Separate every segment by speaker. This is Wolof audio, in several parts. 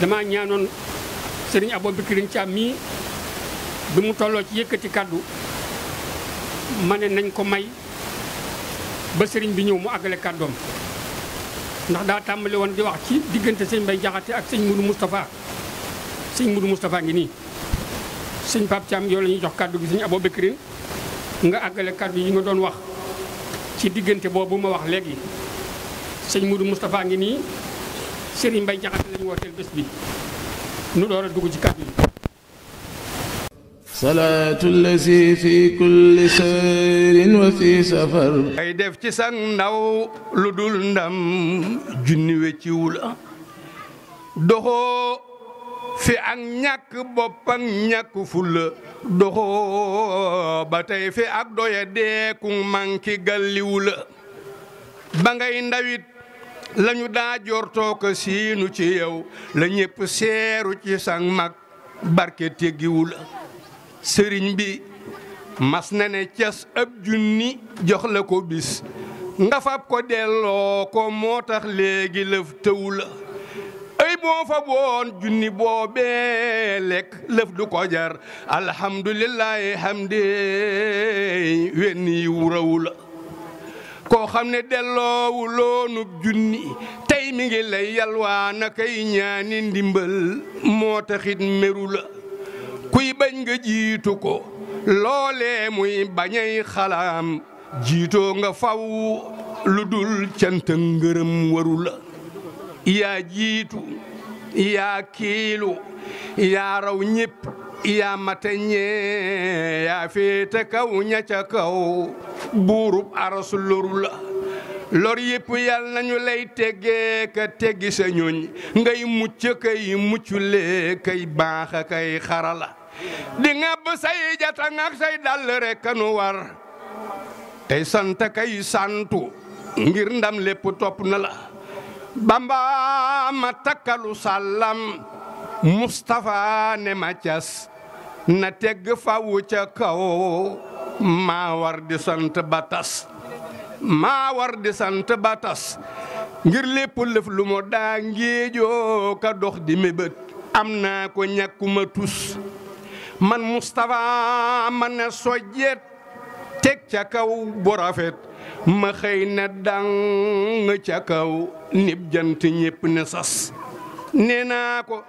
Speaker 1: damaa ñaanoon sëriñ Aboubacry Thiam mii bi mu tolloo ci yëkkati kàddu ma ne nañ ko may ba sëriñ bi ñëw mu àggale kàddoom ndax daa tàmbali woon di wax ci diggante sëñ Mbay Jaxate ak sëñ Mudu Moustapha sëñ Mudu Moustapha ngi nii sëñ Pape Thiam yow la ñuy jox kàddu gi sëñ Aboubacry nga àggale kàddu yi nga doon wax ci diggante boobu ma wax léegi sëñ Mudu Moustapha ngi nii Serigne Mbaye Diakhaté lañu wooteel
Speaker 2: bés fi kulli sayrin wa fi safar ay def ci sang ndaw
Speaker 3: lu dul ndam junni wecciwu doxoo fi ak ñàkk bopp ak ñàkk fulla doxoo ba tey fi ak doya deeku manki galliwu ba ngay ndawit lañu daa jortoo ko siinu ci yow la ñépp seeru ci sang mag barke teggiwul sëriñ bi mas na ne cas ab junni jox la ko bis nga fab ko delloo ko moo tax léegi lëf tëwu la ay boo fa boon junni boobee lekk lëf du ko jar alhamdulillahi hamdi wenni wurawu la koo xam ne delloowu loonub junni tey mi ngi lay yalwaa ñaani ndimbal moo taxit meru la kuy bañ nga jiitu ko loole muy bañay xalaam jiitoo nga faw lu dul canta ngërëm waru la yaa jiitu yaa kiilu yaa raw ñépp yaa mata ñee yaa féete kaw ña kaw buurub arasu loru la lor yëpp yal nañu lay teggee ka teggi sa ñooñ ngay mucc kay muccule kay baax kay xarala di ŋàbb say jata ak say dàll rek kanu war tey sant kay santu ngir ndam lépp topp na la bamba ma takkalu sàllam Moustapha ne ma cas na teg fawu ca kaw maa war di sant ba tas maa di sant ba tas ngir lépp lëf lu mu daa ngéejoo ka dox di mébét am naa ko ñàkkuma tus man Moustapha man ne sojjet teg ca kaw bu rafet ma xëy ne dang ca kaw nib jant ñépp ne sas nee naa ko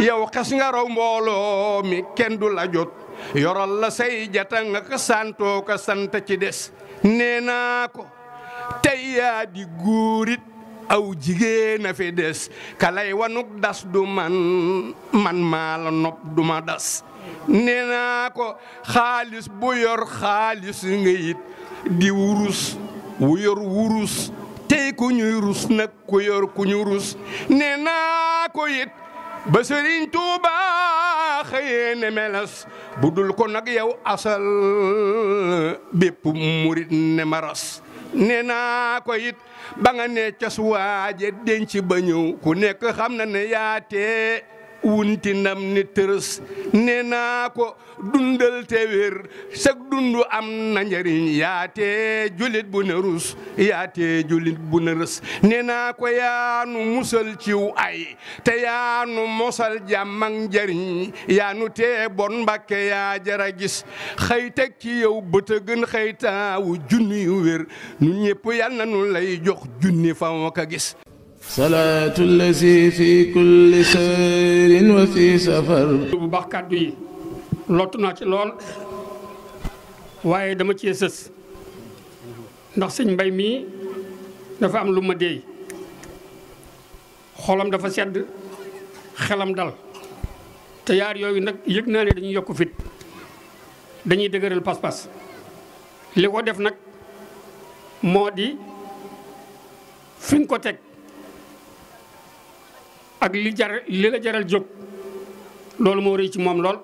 Speaker 3: yow xes nga mbooloo mi kenn du la jot yoral la say jata nga ka santoo ko sant ci des nee naa ko tey yaa di góorit aw jigéena fi des kalay wanuk das du man man nopp du ma das nee naa ko xaalis bu yor xaalis nga yit di wurus wu yor wurus tey ku ñuy rus nag ku yor ku ñu rus nee naa ko yit ba sëriñ Tuuba xëyee bu dul ko nag yow asal bépp murit ne maras nee naa ba nga ne cas waaje denc ba ñëw ku nekk xam na ne yaatee wuntinam ni tërës ne naa ko dundal te wér sag dundu am na njariñ yaate julit bu ne rus yaatee julit bu ne rës ne naa ko yaanu musal ciw ay te yaanu mosal jàmm mag njariñ yaanu tee bon mbakke yaa jara gis xëy ci yow bëtë gën xëytaawu junni yu wér nu ñëpp yal na nu lay jox junni fa ka gis
Speaker 2: salaatu lazi fi kulli sayrin
Speaker 3: wa fi safar bu baax kàddu yi lottu naa ci lool
Speaker 1: waaye dama cee sës ndax sëñ mbay mii dafa am lu ma déey xolam dafa sedd xelam dal te yaar yooyu nag yëg naa ne dañuy yokk fit dañuy dëgëral pas-pas li ko def nag moo di fi nga ko teg ak li jar li la jaral jóg loolu moo rëy ci moom lool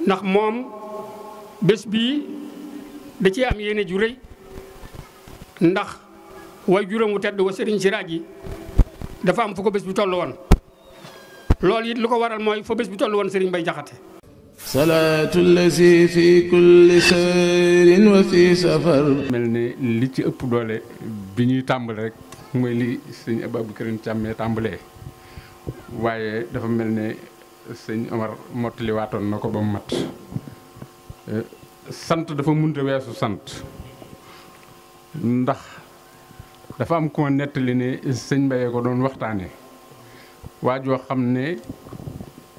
Speaker 1: ndax moom bés bii da ci am yéene ju rëy ndax way juróom wu tedd wa sëriñ si raaj yi dafa am fu ko bés bi toll woon loolu yit lu ko waral mooy fa bés bi toll woon sëriñ bay jaxate
Speaker 2: salaatu lazi fi kulli sayrin wa fi safar mel ne li ci ëpp doole
Speaker 4: bi ñuy tàmbali rek mooy li sëñ Ababakar Càmme tàmbalee waaye dafa mel ne sëñ Omar mottali waatoon na ko ba mu mat eh, sant dafa munta weesu sant ndax dafa am ku ma nettali ne sëñ Mbaye ko doon waxtaane waa joo xam ne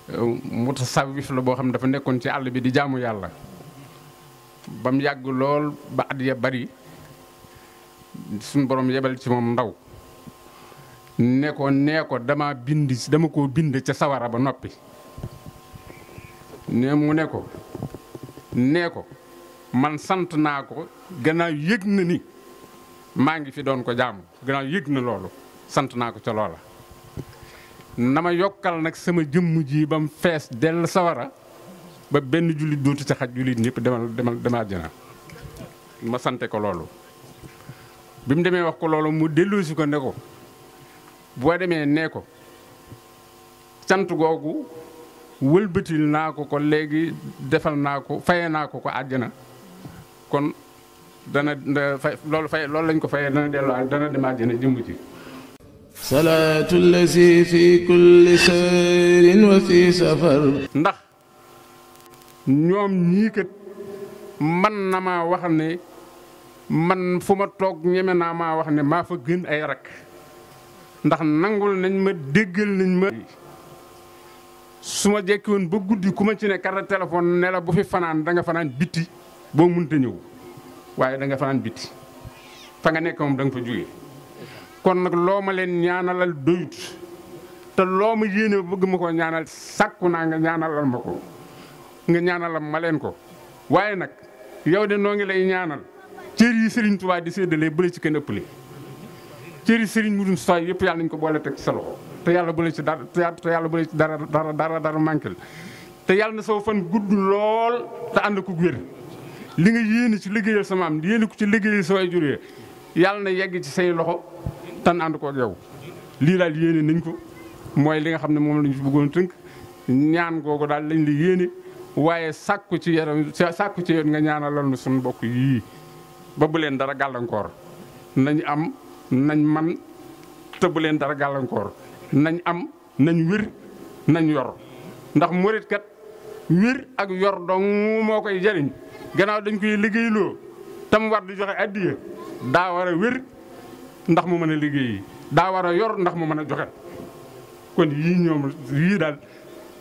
Speaker 4: eh, mutasawif la boo xam ne dafa nekkoon ci àll bi di jaamu yàlla ba mu yàgg lool ba at ya bari suñ borom yebal ci moom ndaw ne ko nee ko dama bind dama koo bind ca sawara ba noppi ne mu ne ko nee ko man sant naa ko gannaaw yëg na ni maa ngi fi doon ko jaamu gannaaw yëg na loolu sant naa ko ca loola na ma yokkal nag sama jëmm ji ba mu fees dell sawara ba benn jullit dootu ca xaj jullit ñëpp demal demal demal àjjana ma sante ko loolu bi mu demee wax ko loolu mu delloosi ko ne ko boo demee nee ko cant googu wëlbatil naa ko ko léegi defal naa ko faye naa ko ko àjjana kon dana fay loolu fay loolu lañ ko fayee dana delloo
Speaker 2: dana dem àjjana jëmb ji salaatu lazi fi kulli sayrin wa fi safar ndax ñoom ñii kat
Speaker 4: man na maa wax ne man fu ma toog ñeme naa maa wax ne maa fa gën ay rakk ndax nangul nañ ma déggal nañ ma. su ma jekki woon ba guddi ku ma ci ne carte téléphone ne bu fi fanaan da fanaan bitti boo mënta ñëw waaye danga fanaan bitti fa nga nekk moom da nga fa jógee. kon nag loo ma ñaanalal doyut te loo ma yéene bëgg ma ko ñaanal sàkku naa nga ñaanalal ma ko nga ñaanalal ma leen ko waaye nag yow de noo ngi lay ñaanal cër yi Serigne Touba di séddalee bu la ci kenn ëppale. cëri Serigne Mourou Moustapha yëpp yàlla nañu ko boole teg ci sa loxo te yàlla bu la ci dara te yàlla bu la ci dara dara dara dara manqué te yàlla na saw fan gudd lool te ànd ko wér li nga yéene ci liggéeyal sama am yéene ko ci liggéeyal sa way juree yàlla na yegg ci say loxo tan ànd ko ak yow lii daal yéene nañ ko mooy li nga xam ne moom lañu ci bëggoon tënk ñaan googu daal lañ la yéene waaye sàkku ci yaram sàkku ci yoon nga ñaanalal nu suñu mbokk yii ba leen dara gàllankoor nañ man te bu leen dara gàllankoor nañ am nañ wér nañ yor ndax murit kat wér ak yor dong moo koy jariñ ganaaw dañ koy liggéeyloo tam war di joxe addiya daa war a wér ndax mu mën a liggéey daa war a yor ndax mu mën a joxe kon yii ñoom lii daal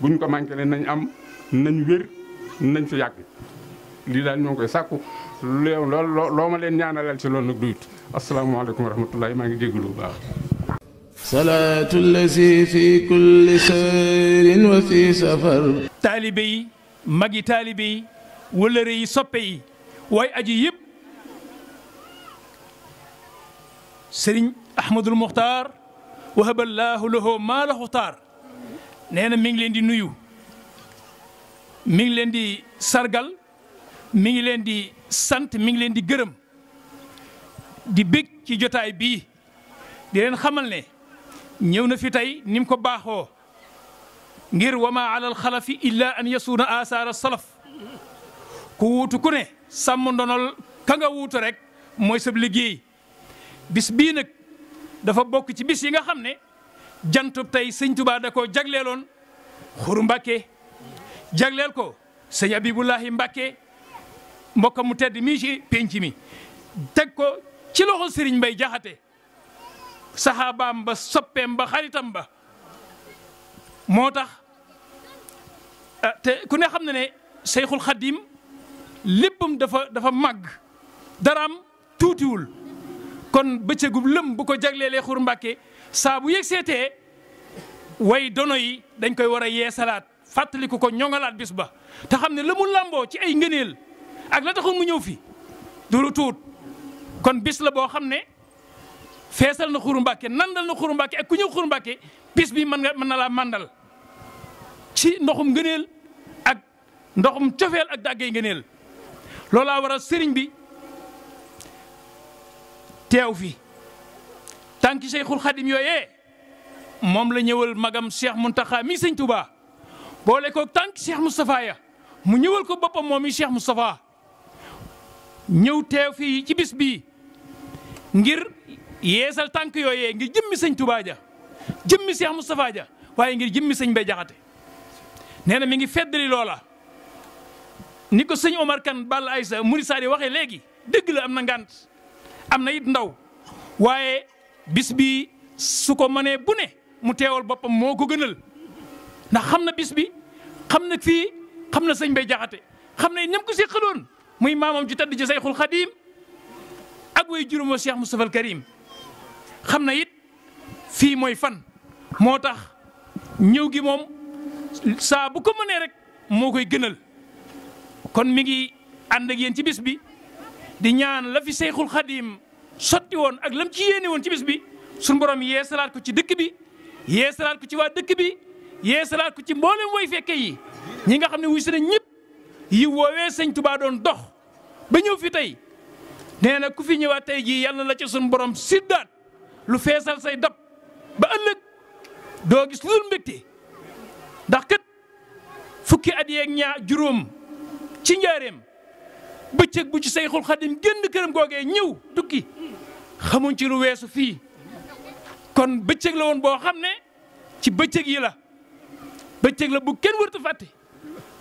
Speaker 4: buñ ko manqué ne nañ am nañ wér nañ fi yàgg lii daal ñoo koy sàkku loolu loo ma leen ñaanalal ci loolu nag duyut asalaamaaleykum wa
Speaker 2: rahmatullahi maa ngi jégalu bu baax. salaatu lazi fi kulli sayrin wa fi safar.
Speaker 5: taalibe yi mag yi taalibe yi wëlëre yi soppe yi waaye aji yëpp sëriñ Ahmadul Muxtaar wahaballaahu lahu maa lahu taar nee na mi ngi leen di nuyu mi ngi leen di sargal mi ngi leen di sant mi ngi leen di gërëm di bég ci jotaay bii di leen xamal ne ñëw na fi tey ni ko baaxoo ngir wama alal xalafi illa an yasuuna asaara solof ku wuutu ku ne sàmm ndonol ka nga wuutu rek mooy sab liggéey bis bii nag dafa bokk ci bis yi nga xam ne jantub tey sëñ Tuubaa da koo jagleeloon xuru Mbàkke jagleel ko sëñ Abibullahi Mbàkke mbokk mu tedd mii ci penc mi teg ko ci loxo Serigne Mbaye Jaxate saxaabaam ba soppeem ba xaritam ba moo tax ah, te ku ne xam ne ne Seyxul Xadim léppam dafa dafa màgg daraam tuutiwul kon bëccëgub lëm bu ko jagleelee xur mbàkke saa bu yëg seetee way dono yi dañ koy war a yeesalaat fàttaliku ko ñoŋalaat bis ba te xam ne la mu ci ay ngëneel ak la taxu mu ñëw fi du lu tuut kon bis la boo xam ne feesal na xuru mbàkke nandal na xuru mbàkke ak ku ñëw xuru mbàkke bis bi mën nga mën na laa màndal ci ndoxum ngëneel ak ndoxum cofeel ak dàggay ngëneel loolaa waral sëriñ bi teew fi tànki sey Xadim yooyee moom la ñëwal magam Cheikh Muntaxa mi sëñ Tuubaa boole ko tànk Cheikh Moustapha ya mu ñëwal ko boppam moom i Cheikh Moustapha ñëw teew fii ci bis bii ngir yeesal tànk yooyee ngir jëmmi sëñ Touba ja jëmmi Cheikh Moustapha ja waaye ngir jëmmi sëñ Bay Jaxate nee na mi ngi feddali loola ni ko sëñ Omar Kan Balla Aysa Muri Saadi waxee léegi dëgg la am na ngant am na it ndaw waaye bis bi su ko mënee bu ne mu teewal boppam moo ko gënal ndax xam na bis bi xam na fii xam na sëñ Bay Jaxate xam na it ñam ko si xëloon muy maamam ju tedd ci Sayxul Xadiim ak way juróom wa Cheikh Moustapha al Karim xam na it fii mooy fan moo tax ñëw gi moom saa bu ko mënee rek moo koy gënal kon mi ngi ànd ak yéen ci bis bi di ñaan lafi fi Sayxul Xadiim sotti woon ak lam ci yéene woon ci bis bi suñu borom yeesalaat ko ci dëkk bi yeesalaat ko ci waa dëkk bi yeesalaat ko ci mboolem way fekke yi ñi nga xam ne wuy si na ñëpp yi woowee sëñ tubaa doon dox ba ñëw fi tey nee na ku fi ñëwaat tey jii yal na la ci suñu borom siddaat lu feesal say dab ba ëllëg doo gis lu dul ndax kat fukki at yeeg ñaar juróom ci njaareem bëccëg bu ci Seyxul Xadim génn këram googee ñëw tukki xamuñ ci lu weesu fii kon bëccëg la woon boo xam ne ci bëccëg yi la bëccëg la bu kenn wërtu fàtte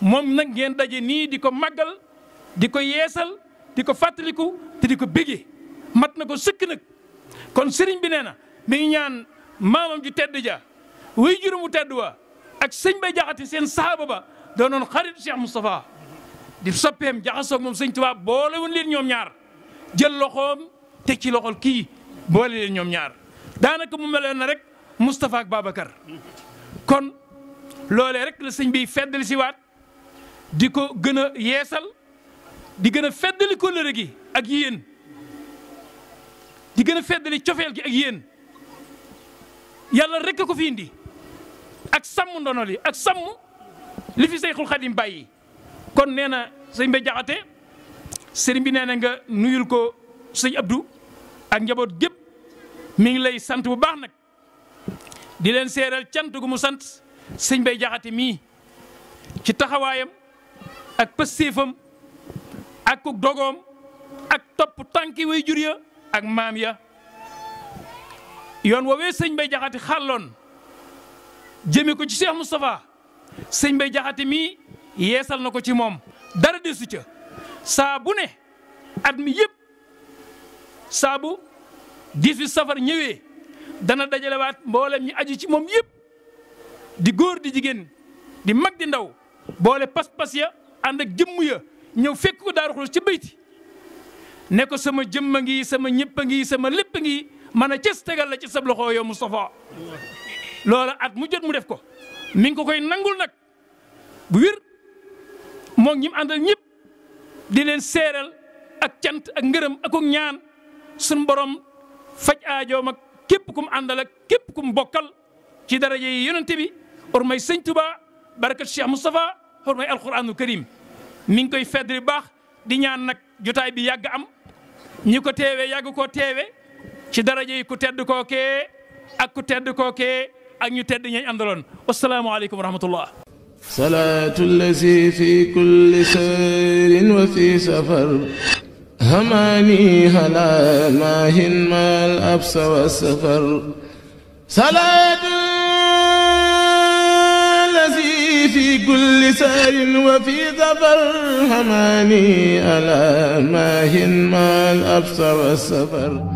Speaker 5: moom nag ngeen daje nii di ko màggal di ko yeesal di ko fàttaliku te di ko béggee mat na ko sëkk nag kon sëriñ bi nee na mi ngi ñaan maamam ju tedd ja wuy juróomu tedd wa ak sëñ ba jaxati seen saaba ba doonoon xarit Cheikh mustafa di soppeem jaxasoog moom sëñ Tuubaa boole woon leen ñoom ñaar jël loxoom teg ci loxol kii boole leen ñoom ñaar daanaka mu meloon na rek Moustapha ak Babacar kon loolee rek la sëñ bi feddali si waat di ko gën a yeesal di gën a feddali kóllëre gi ak yéen di gën a feddali cofeel gi ak yéen yàlla rek ko fi indi ak samm ndono li ak sàmm li fi Seyxul Xadim bàyyi kon nee na sëñ Jaxate sëriñ bi nee na nga nuyul ko sëñ Abdou ak njaboot gépp mi ngi lay sant bu baax nag di leen seeral cant gu mu sant sëñ Mbaye Jaxate mii ci taxawaayam ak pëstéefam ak ku dogoom ak topp tànki way jur ya ak maam ya yoon woowee sëñ bay jaxate xàlloon jëme ko ci Cheikh Moustapha sëñ bay mi mii yeesal na ko ci moom dara desu ca saa ne at mi yëpp saabu bu safar ñëwee dana dajalewaat mboolem ñi aju ci moom yëpp di góor di jigéen di mag di ndaw boole pas-pas ya ànd ak jëmm ya ñëw fekk ko Daaru Xudoos ci bayti ne ko sama jëmm a ngi sama ñëpp a ngi sama lépp a ngi mën a ces tegal la ci sab loxo yow Moustapha loola at mu jot mu def ko mi ko koy nangul nag bu wér moo ñi mu àndal ñëpp di leen seeral ak cant ak ngërëm ak ñaan suñu borom faj aajoom ak képp kum àndal ak képp kum bokkal ci daraja yi yonente bi xurmay Sëñ Tuubaa barakat Cheikh Moustapha xurmay alquranul karim mi ngi koy fedd bu baax di ñaan nag jotaay bi yàgg am ñi ko teewee yàgg koo teewee ci daraja yi ku tedd kookee ak ku tedd kookee ak ñu tedd ñañ àndaloon wasalaamualeykum wa rahmatullah
Speaker 2: salaatu llazi fi kulli sayrin wa fi safar hamaani halal maahin maal absa wa safar في كل سهر وفي ظفر حماني ألا ماهن ما الأبصر السفر